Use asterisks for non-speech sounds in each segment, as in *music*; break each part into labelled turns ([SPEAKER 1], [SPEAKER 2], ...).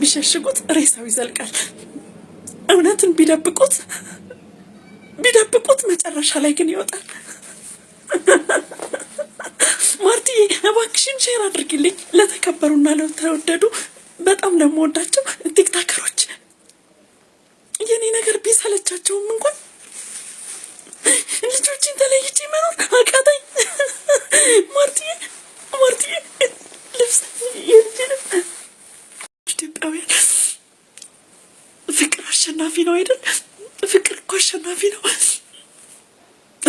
[SPEAKER 1] ቢሸሽጉት ሬሳው ይዘልቃል። እውነትን ቢደብቁት ቢደብቁት መጨረሻ ላይ ግን ይወጣል። ማርትዬ እባክሽን ሼር አድርጊልኝ ለተከበሩና ለተወደዱ በጣም ለመወዳቸው ቲክታከሮች የኔ ነገር ቢሰለቻቸውም እንኳን ልጆችን ተለይቼ መኖር አቃተኝ። ማርትዬ ማርትዬ ልብስ ኢትዮጵያውያን ፍቅር አሸናፊ ነው አይደል? ፍቅር እኮ አሸናፊ ነው።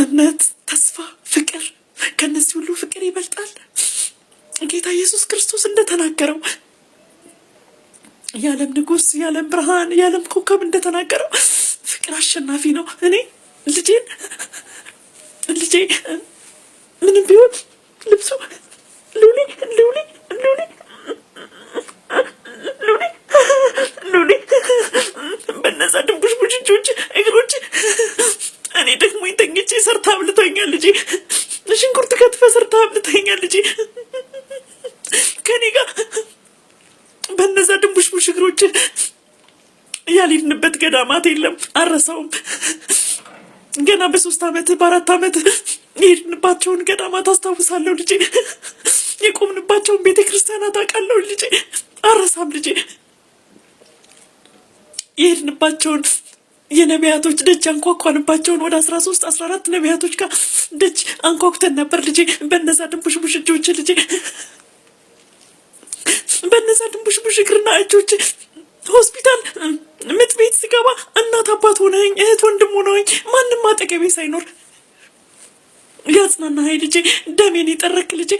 [SPEAKER 1] እምነት፣ ተስፋ፣ ፍቅር ከነዚህ ሁሉ ፍቅር ይበልጣል። ጌታ ኢየሱስ ክርስቶስ እንደተናገረው የዓለም ንጉስ፣ የዓለም ብርሃን፣ የዓለም ኮከብ እንደተናገረው ፍቅር አሸናፊ ነው። እኔ ልጄን ልጄ ምንም ቢሆን ልብሱ ልውሌ ልውሌ ልውሌ ሉሊ በነዛ ድንቡሽ ቡጭጮች እግሮች እኔ ደግሞ ተኝቼ ሰርታ አብልታኛል ልጅ ሽንኩርት ከትፈ ሰርታ አብልታኛል ልጅ ከኔ ጋር በነዛ ድንቡሽ ቡሽ እግሮች ያልሄድንበት ገዳማት የለም፣ አረሰውም ገና በሶስት አመት በአራት አመት የሄድንባቸውን ገዳማት አስታውሳለሁ ልጄ። የቆምንባቸውን ቤተ ክርስቲያናት አውቃለሁ ልጄ። አረሳም ልጄ። የሄድንባቸውን የነቢያቶች ደጅ አንኳኳንባቸውን ወደ አስራ ሶስት አስራ አራት ነቢያቶች ጋር ደጅ አንኳኩተን ነበር ልጄ። በነዛ ቡሽ እጆች ልጄ፣ በነዛ ቡሽ እግርና እጆች ሆስፒታል ምጥ ቤት ስገባ እናት አባት ሆነኝ፣ እህት ወንድም ሆነኝ፣ ማንም አጠገቤ ሳይኖር ያጽናና ሀይ ልጄ፣ ደሜን የጠረክ ልጄ፣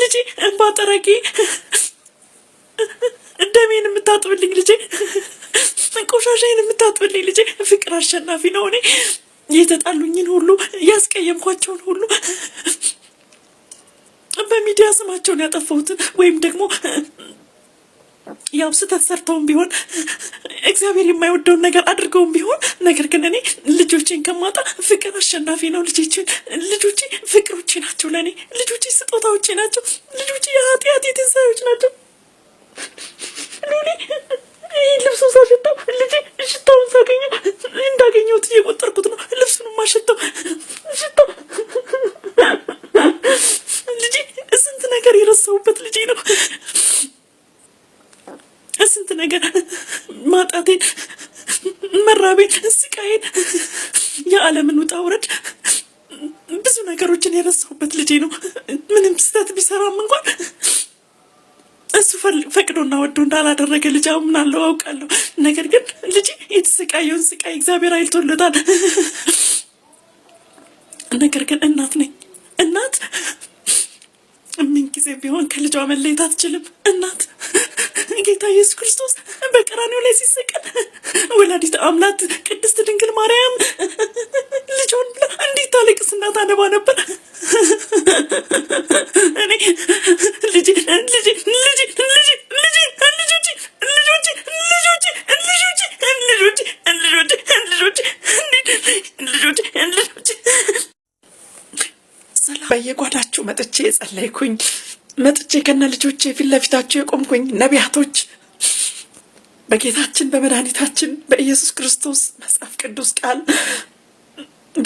[SPEAKER 1] ልጄ እንባ ጠራቂ ደሜን የምታጥብልኝ ልጄ፣ ቆሻሻዬን የምታጥብልኝ ልጄ። ፍቅር አሸናፊ ነው። እኔ የተጣሉኝን ሁሉ ያስቀየምኳቸውን ሁሉ በሚዲያ ስማቸውን ያጠፋሁትን ወይም ደግሞ ያው ስህተት ሰርተውም ቢሆን እግዚአብሔር የማይወደውን ነገር አድርገውም ቢሆን ነገር ግን እኔ ልጆቼን ከማጣ ፍቅር አሸናፊ ነው። ልጆችን ልጆቼ ፍቅሮቼ ናቸው። ለእኔ ልጆቼ ስጦታዎቼ ናቸው። ልጆቼ የኃጢአቴ ትንሳኤዎች ናቸው። ልብሱን ሳሸታው ልጅ ሽታውን ሳገኘው እንዳገኘሁት እየቆጠርኩት ነው ልብሱን ማሸታ እንዳላደረገ ልጅ አምናለሁ፣ አውቃለሁ። ነገር ግን ልጅ የተሰቃየውን ስቃይ እግዚአብሔር አይልቶለታል። ነገር ግን እናት ነኝ። እናት ምን ጊዜ ቢሆን ከልጇ መለየት አትችልም። እናት ጌታ ኢየሱስ ክርስቶስ በቀራኔው ላይ ሲሰቀል ወላዲት አምላት ቅድስት ድንግል ማርያም ልጇን ብላ እንዴት ታለቅስና ታነባ ነበር። እኔ ልጅ ልጅ ልጅ በየጓዳችሁ መጥቼ የጸለይኩኝ መጥቼ ከነ ልጆቼ ፊት ለፊታችሁ የቆምኩኝ ነቢያቶች በጌታችን በመድኃኒታችን በኢየሱስ ክርስቶስ መጽሐፍ ቅዱስ ቃል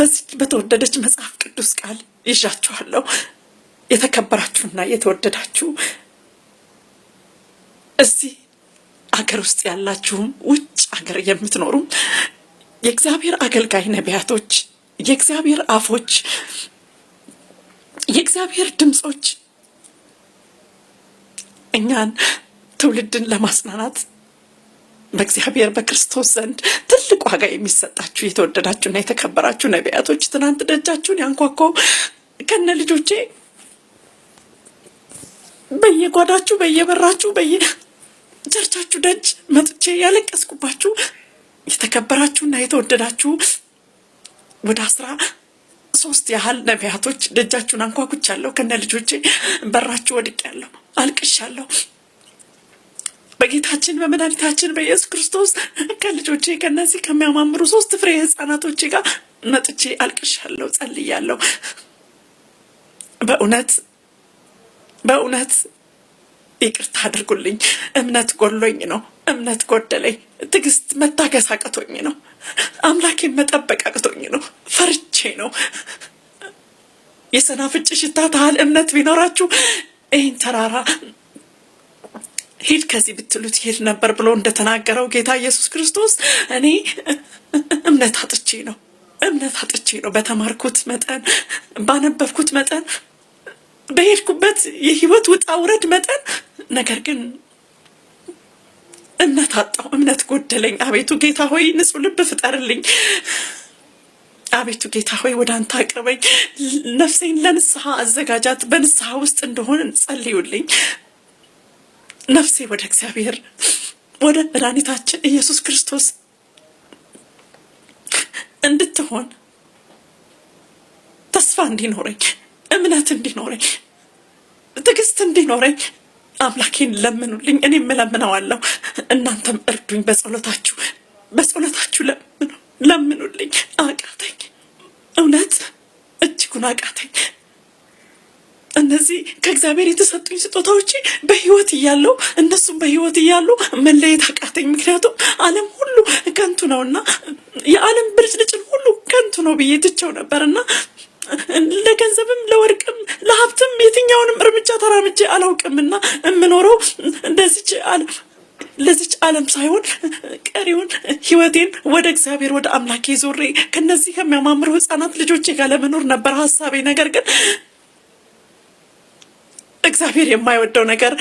[SPEAKER 1] በዚህ በተወደደች መጽሐፍ ቅዱስ ቃል ይዣችኋለሁ። የተከበራችሁና የተወደዳችሁ እዚህ አገር ውስጥ ያላችሁም ውጭ አገር የምትኖሩም የእግዚአብሔር አገልጋይ ነቢያቶች፣ የእግዚአብሔር አፎች የእግዚአብሔር ድምፆች እኛን ትውልድን ለማጽናናት በእግዚአብሔር በክርስቶስ ዘንድ ትልቅ ዋጋ የሚሰጣችሁ የተወደዳችሁና የተከበራችሁ ነቢያቶች፣ ትናንት ደጃችሁን ያንኳኳው ከነ ልጆቼ በየጓዳችሁ፣ በየበራችሁ፣ በየቸርቻችሁ ደጅ መጥቼ ያለቀስኩባችሁ የተከበራችሁና የተወደዳችሁ ወደ አስራ ሶስት ያህል ነቢያቶች ደጃችሁን አንኳኩቻለሁ፣ ከነ ልጆቼ በራችሁ ወድቄያለሁ፣ አልቅሻለሁ። በጌታችን በመድኃኒታችን በኢየሱስ ክርስቶስ ከልጆቼ ከነዚህ ከሚያማምሩ ሶስት ፍሬ ህፃናቶቼ ጋር መጥቼ አልቅሻለሁ፣ ጸልያለሁ። በእውነት በእውነት ይቅርታ አድርጉልኝ። እምነት ጎሎኝ ነው። እምነት ጎደለኝ። ትዕግስት መታገስ አቅቶኝ ነው። አምላኬን መጠበቅ አቅቶኝ ነው። ፈርቼ ነው። የሰናፍጭ ሽታ ታህል እምነት ቢኖራችሁ ይህን ተራራ ሂድ ከዚህ ብትሉት ይሄድ ነበር ብሎ እንደተናገረው ጌታ ኢየሱስ ክርስቶስ እኔ እምነት አጥቼ ነው። እምነት አጥቼ ነው። በተማርኩት መጠን፣ ባነበብኩት መጠን፣ በሄድኩበት የህይወት ውጣ ውረድ መጠን ነገር ግን እምነት አጣው፣ እምነት ጎደለኝ። አቤቱ ጌታ ሆይ ንጹሕ ልብ ፍጠርልኝ። አቤቱ ጌታ ሆይ ወደ አንተ አቅርበኝ። ነፍሴን ለንስሐ አዘጋጃት። በንስሐ ውስጥ እንደሆን ጸልዩልኝ። ነፍሴ ወደ እግዚአብሔር ወደ መድኃኒታችን ኢየሱስ ክርስቶስ እንድትሆን ተስፋ እንዲኖረኝ፣ እምነት እንዲኖረኝ፣ ትዕግስት እንዲኖረኝ አምላኬን ለምኑልኝ፣ እኔም እለምነዋለሁ። እናንተም እርዱኝ በጸሎታችሁ በጸሎታችሁ ለምኑ ለምኑልኝ። አቃተኝ፣ እውነት እጅጉን አቃተኝ። እነዚህ ከእግዚአብሔር የተሰጡኝ ስጦታዎች በህይወት እያለው እነሱም በህይወት እያሉ መለየት አቃተኝ። ምክንያቱም ዓለም ሁሉ ከንቱ ነውና የዓለም ብልጭልጭን ሁሉ ከንቱ ነው ብዬ ትቸው ነበርና ለገንዘብም ለወርቅም ለሀብትም የትኛውንም እርምጃ ተራምጄ አላውቅምና የምኖረው እንደዚች አለ ለዚች ዓለም ሳይሆን ቀሪውን ህይወቴን ወደ እግዚአብሔር ወደ አምላኬ ዞሬ ከነዚህ ከሚያማምሩ ህፃናት ልጆቼ ጋር ለመኖር ነበር ሀሳቤ። ነገር ግን እግዚአብሔር የማይወደው ነገር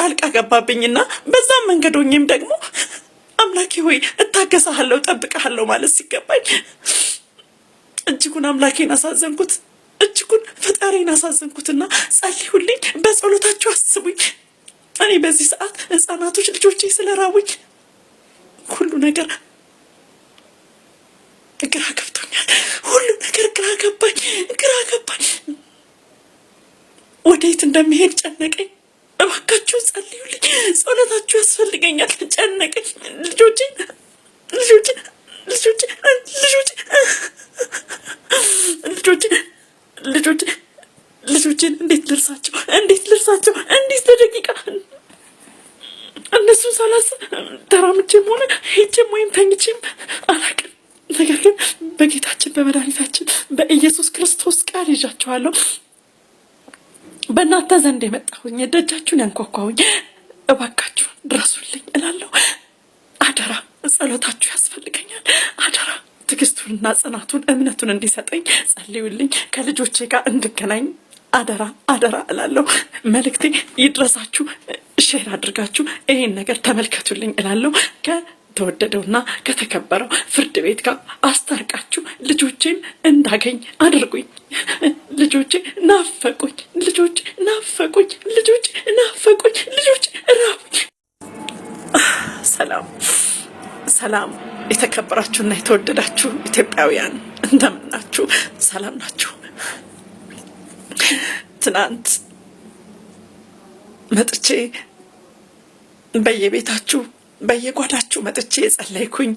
[SPEAKER 1] ጣልቃ ገባብኝና በዛም መንገዶኝም ደግሞ አምላኬ ሆይ እታገሳሃለሁ፣ ጠብቀሃለሁ ማለት ሲገባኝ እጅጉን አምላኬን አሳዘንኩት። እጅጉን ፈጣሪን አሳዘንኩትና ጸልዩልኝ፣ በጸሎታችሁ አስቡኝ። እኔ በዚህ ሰዓት ህጻናቶች ልጆቼ ስለራቡኝ ሁሉ ነገር ግራ ገብቶኛል። ሁሉ ነገር ግራ ገባኝ፣ ግራ ገባኝ። ወደየት እንደሚሄድ ጨነቀኝ። እባካችሁ ጸልዩልኝ፣ ጸሎታችሁ ያስፈልገኛል። ጨነቀኝ። ልጆቼ ልጆቼ ልጆቼ ልጆቼ ልርሳቸው? እንዴት ልርሳቸው? እንዴት ለደቂቃ እነሱን ሳላስ ተራምቼም ሆነ ሄጄም ወይም ተኝቼም አላቅም። ነገር ግን በጌታችን በመድኃኒታችን በኢየሱስ ክርስቶስ ቃል ይዣቸዋለሁ። በእናንተ ዘንድ የመጣሁኝ ደጃችሁን ያንኳኳሁኝ፣ እባካችሁ ድረሱልኝ እላለሁ። አደራ ጸሎታችሁ ያስፈልገኛል። አደራ ትዕግስቱንና ጽናቱን እምነቱን እንዲሰጠኝ ጸልዩልኝ። ከልጆቼ ጋር እንድገናኝ አደራ አደራ እላለሁ። መልእክቴ ይድረሳችሁ። ሼር አድርጋችሁ ይሄን ነገር ተመልከቱልኝ እላለሁ። ከተወደደውና ከተከበረው ፍርድ ቤት ጋር አስታርቃችሁ ልጆቼን እንዳገኝ አድርጉኝ። ልጆቼ ናፈቁኝ፣ ልጆች ናፈቁኝ፣ ልጆች ናፈቁኝ፣ ልጆች ራቡኝ። ሰላም ሰላም። የተከበራችሁና የተወደዳችሁ ኢትዮጵያውያን እንደምናችሁ፣ ሰላም ናችሁ? ትናንት መጥቼ በየቤታችሁ በየጓዳችሁ መጥቼ የጸለይኩኝ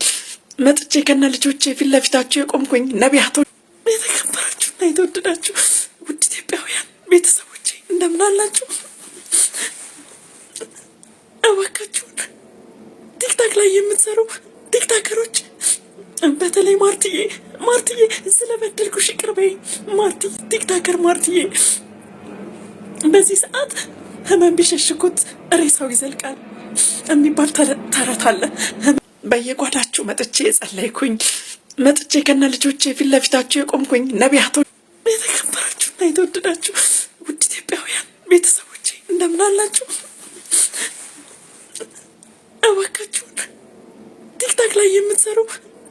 [SPEAKER 1] መጥቼ ከነ ልጆቼ ፊት ለፊታችሁ የቆምኩኝ ነቢያቶች፣ የተከበራችሁና የተወደዳችሁ ውድ ኢትዮጵያውያን ቤተሰቦች እንደምን አላችሁ? እባካችሁን ቲክታክ ላይ የምትሰሩ ቲክታከሮች በተለይ ማርትዬ ማርትዬ ስለበደልኩሽ ይቅር በይ። ማርቲ ቲክታከር ማርትዬ በዚህ ሰዓት ህመም ቢሸሽኩት ሬሳው ይዘልቃል የሚባል ተረት አለ። በየጓዳችሁ መጥቼ የጸለይኩኝ መጥቼ ከነ ልጆቼ ፊት ለፊታችሁ የቆምኩኝ ነቢያቶች፣ የተከበራችሁና የተወደዳችሁ ውድ ኢትዮጵያውያን ቤተሰቦች እንደምን አላችሁ? እባካችሁን ቲክታክ ላይ የምትሰሩ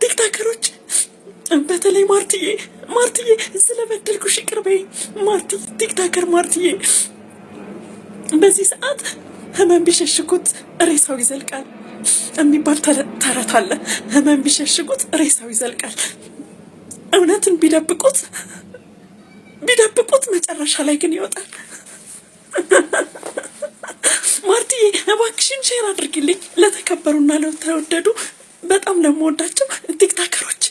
[SPEAKER 1] ቲክታከሮች በተለይ ማርትዬ ማርትዬ ስለበደልኩሽ ይቅር በይ ማርትዬ። ቲክታከር ማርትዬ በዚህ ሰዓት ህመም ቢሸሽጉት ሬሳው ይዘልቃል የሚባል ተረት አለ። ህመም ቢሸሽጉት ሬሳው ይዘልቃል። እውነትን ቢደብቁት ቢደብቁት መጨረሻ ላይ ግን ይወጣል። *laughs* ማርትዬ እባክሽን ሼር አድርግልኝ ለተከበሩና ለተወደዱ በጣም ለመወዳቸው ቲክታከሮች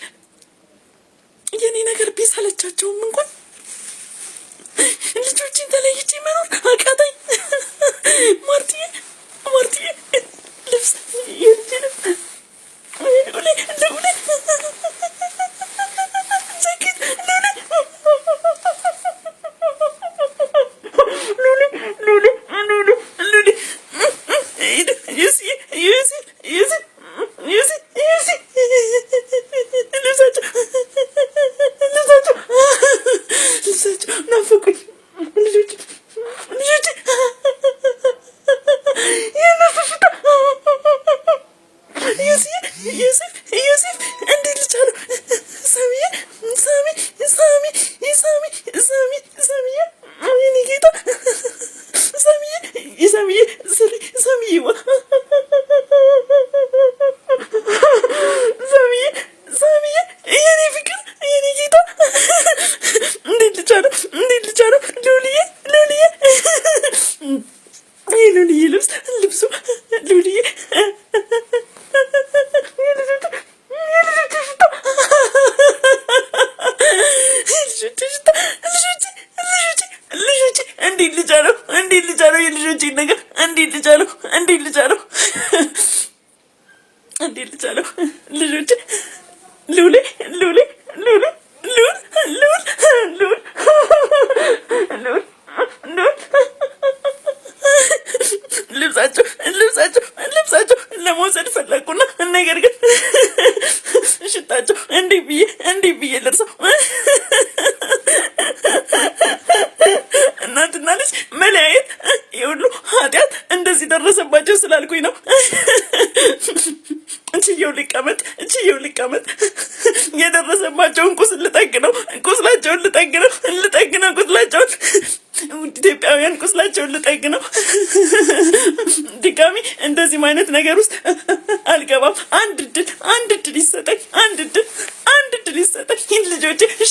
[SPEAKER 1] የኔ ነገር ቢሳለቻቸውም እንኳን ልጆችን ተለይቼ መኖር አቃተኝ። ሽታቸው እንዲህ ብዬ እንዲህ ብዬ ልርሰው እናትና ልጅ መለያየት የሁሉ ኃጢአት እንደዚህ ደረሰባቸው ስላልኩኝ ነው። እችየው ሊቀመጥ እችየው ሊቀመጥ የደረሰባቸውን ቁስል ልጠግ ነው። ቁስላቸውን ልጠግ ነው። ልጠግ ነው ቁስላቸውን ኢትዮጵያውያን ቁስላቸውን ልጠግ ነው። ድጋሚ እንደዚህም አይነት ነገር ውስጥ አልገባም።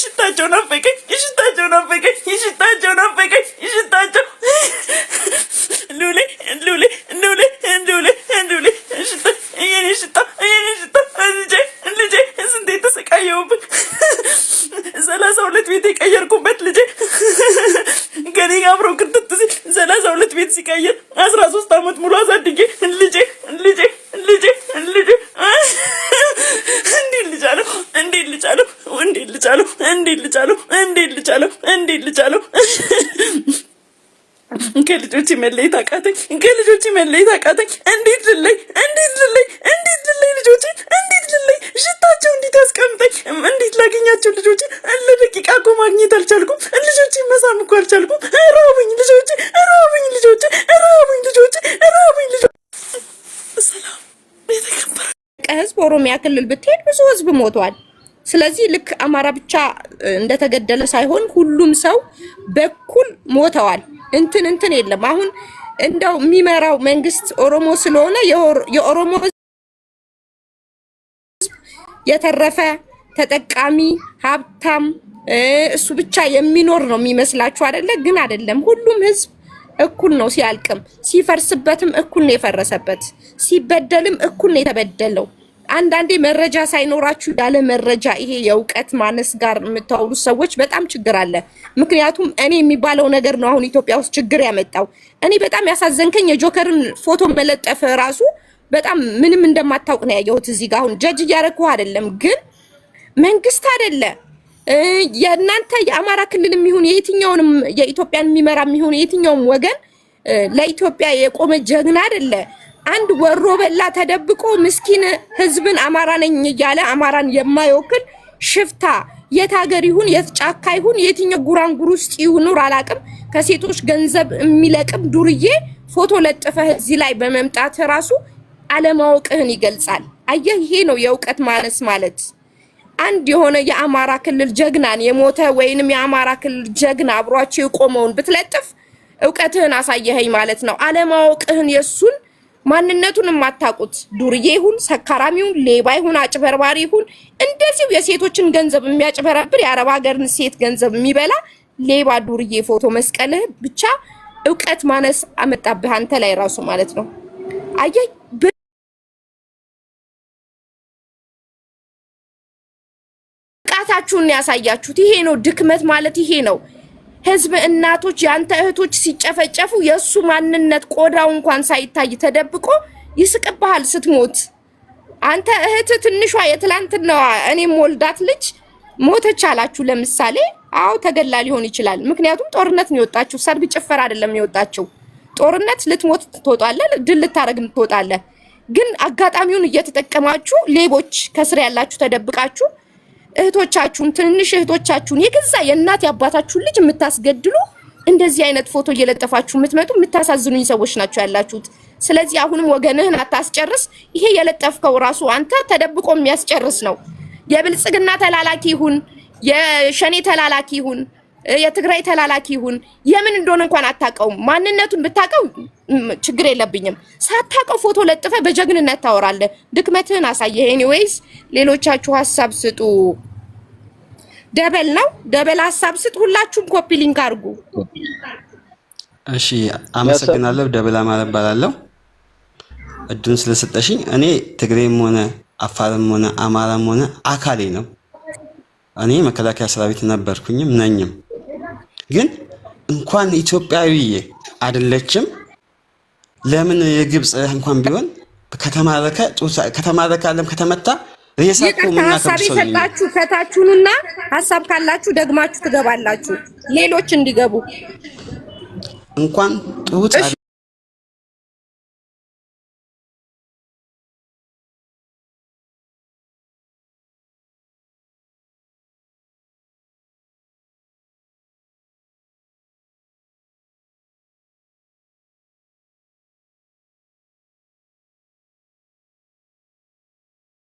[SPEAKER 1] ሽታቸው *laughs* ናፈቀኝ። ልቻለው? እንዴት ልቻለው? እንዴት ልቻለው? እንዴት ልቻለው? ከልጆች መለየት አቃተኝ። ከልጆች መለየት አቃተኝ። እንዴት ልለይ? እንዴት ልለይ? እንዴት ልለይ? ልጆች እንዴት ልለይ? ሽታቸው እንዴት ያስቀምጠኝ? እንዴት ላገኛቸው? ልጆች ለደቂቃ እኮ ማግኘት አልቻልኩም። ልጆች መሳም እኮ አልቻልኩም። ራቡኝ ልጆች፣ ራቡኝ ልጆች፣ ራቡኝ ልጆች፣ ራቡኝ ልጆች። ሰላም የተከበረ
[SPEAKER 2] ቀህዝብ ኦሮሚያ ክልል ብትሄድ ብዙ ህዝብ ሞቷል። ስለዚህ ልክ አማራ ብቻ እንደተገደለ ሳይሆን ሁሉም ሰው በኩል ሞተዋል። እንትን እንትን የለም። አሁን እንደው የሚመራው መንግስት ኦሮሞ ስለሆነ የኦሮሞ ህዝብ የተረፈ ተጠቃሚ ሀብታም እሱ ብቻ የሚኖር ነው የሚመስላችሁ አይደለ? ግን አይደለም። ሁሉም ህዝብ እኩል ነው። ሲያልቅም ሲፈርስበትም እኩል ነው የፈረሰበት፣ ሲበደልም እኩል ነው የተበደለው። አንዳንዴ መረጃ ሳይኖራችሁ ያለ መረጃ ይሄ የእውቀት ማነስ ጋር የምታወሩ ሰዎች በጣም ችግር አለ። ምክንያቱም እኔ የሚባለው ነገር ነው አሁን ኢትዮጵያ ውስጥ ችግር ያመጣው። እኔ በጣም ያሳዘንከኝ የጆከርን ፎቶ መለጠፈ ራሱ በጣም ምንም እንደማታውቅ ነው ያየሁት። እዚህ ጋር አሁን ጀጅ እያደረግኩ አይደለም፣ ግን መንግስት አይደለ የእናንተ የአማራ ክልል የሚሆን የየትኛውንም የኢትዮጵያን የሚመራ የሚሆን የየትኛውም ወገን ለኢትዮጵያ የቆመ ጀግና አይደለ አንድ ወሮ በላ ተደብቆ ምስኪን ህዝብን አማራ ነኝ እያለ አማራን የማይወክል ሽፍታ የት ሀገር ይሁን የት ጫካ ይሁን የትኛው ጉራንጉር ውስጥ ይኑር አላቅም። ከሴቶች ገንዘብ የሚለቅም ዱርዬ ፎቶ ለጥፈህ እዚህ ላይ በመምጣት ራሱ አለማወቅህን ይገልጻል። አየህ፣ ይሄ ነው የእውቀት ማነስ ማለት። አንድ የሆነ የአማራ ክልል ጀግናን የሞተ ወይንም የአማራ ክልል ጀግና አብሯቸው የቆመውን ብትለጥፍ እውቀትህን አሳየኸኝ ማለት ነው። አለማወቅህን የእሱን ማንነቱን የማታውቁት ዱርዬ ይሁን ሰካራም ይሁን ሌባ ይሁን አጭበርባሪ ይሁን እንደዚሁ የሴቶችን ገንዘብ የሚያጭበረብር የአረብ ሀገርን ሴት ገንዘብ የሚበላ ሌባ ዱርዬ ፎቶ መስቀልህ ብቻ እውቀት ማነስ አመጣብህ አንተ ላይ ራሱ ማለት ነው። አያይ ብቃታችሁን ያሳያችሁት ይሄ ነው። ድክመት ማለት ይሄ ነው። ህዝብ እናቶች፣ የአንተ እህቶች ሲጨፈጨፉ የእሱ ማንነት ቆዳው እንኳን ሳይታይ ተደብቆ ይስቅብሃል ስትሞት። አንተ እህት ትንሿ የትላንትናዋ እኔም ወልዳት ልጅ ሞተች አላችሁ ለምሳሌ። አዎ ተገላ ሊሆን ይችላል። ምክንያቱም ጦርነት ነው የወጣችው፣ ሰልፍ ጭፈራ አይደለም ነው የወጣችው። ጦርነት ልትሞት ትወጣለህ፣ ድል ልታረግም ትወጣለህ። ግን አጋጣሚውን እየተጠቀማችሁ ሌቦች፣ ከስር ያላችሁ ተደብቃችሁ እህቶቻችሁን ትንንሽ እህቶቻችሁን የገዛ የእናት የአባታችሁን ልጅ የምታስገድሉ እንደዚህ አይነት ፎቶ እየለጠፋችሁ የምትመጡ የምታሳዝኑኝ ሰዎች ናቸው ያላችሁት። ስለዚህ አሁንም ወገንህን አታስጨርስ። ይሄ የለጠፍከው ራሱ አንተ ተደብቆ የሚያስጨርስ ነው። የብልጽግና ተላላኪ ይሁን የሸኔ ተላላኪ ይሁን የትግራይ ተላላኪ ይሁን የምን እንደሆነ እንኳን አታውቀውም። ማንነቱን ብታውቀው ችግር የለብኝም። ሳታውቀው ፎቶ ለጥፈ በጀግንነት ታወራለህ። ድክመትህን አሳየ። ኤኒዌይስ ሌሎቻችሁ ሀሳብ ስጡ። ደበል ነው ደበል ሀሳብ ስጥ። ሁላችሁም ኮፒ ሊንክ አድርጉ።
[SPEAKER 3] እሺ አመሰግናለሁ። ደበላ ማለት እባላለሁ። እድሉን ስለሰጠሽኝ እኔ ትግሬም ሆነ አፋርም ሆነ አማራም ሆነ አካሌ ነው። እኔ መከላከያ ሰራዊት ነበርኩኝም ነኝም። ግን እንኳን ኢትዮጵያዊ አይደለችም። ለምን የግብፅ እንኳን ቢሆን ከተማረከ ከተማረከ አለም ከተመታ
[SPEAKER 2] ሀሳብ የሰጣችሁ ከታችሁንና ሀሳብ ካላችሁ ደግማችሁ ትገባላችሁ፣ ሌሎች እንዲገቡ
[SPEAKER 3] እንኳን ጡት